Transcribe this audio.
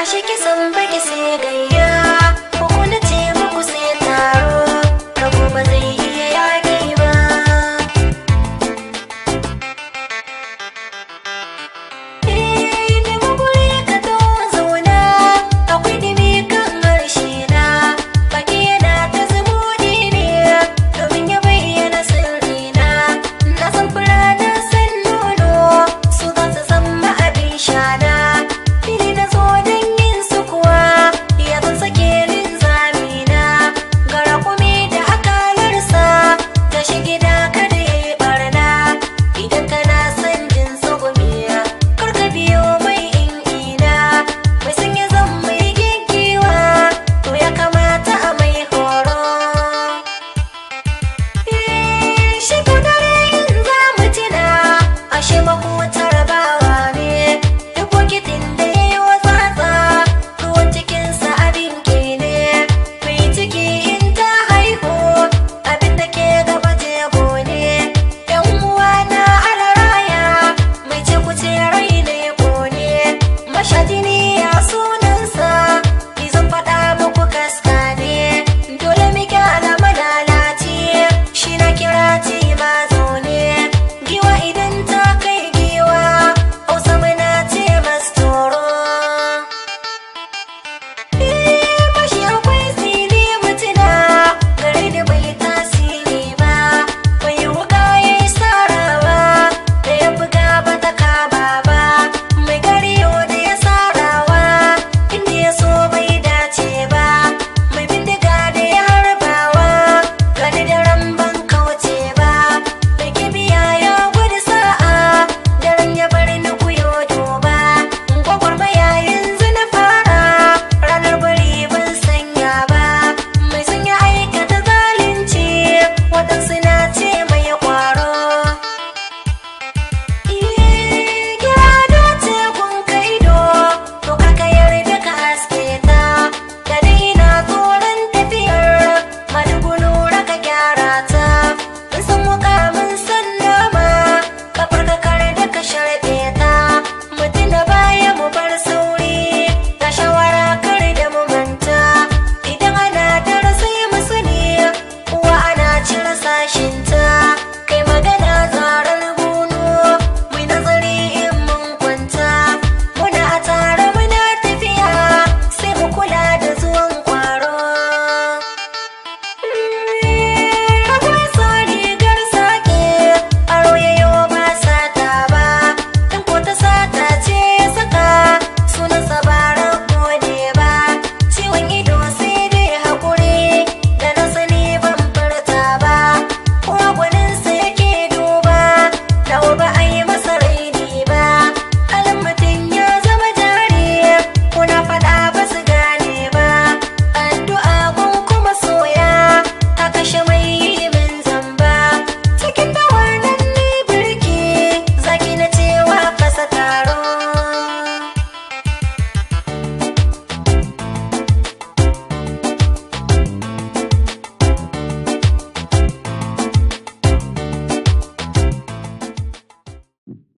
Ashe kisan baki sai gayya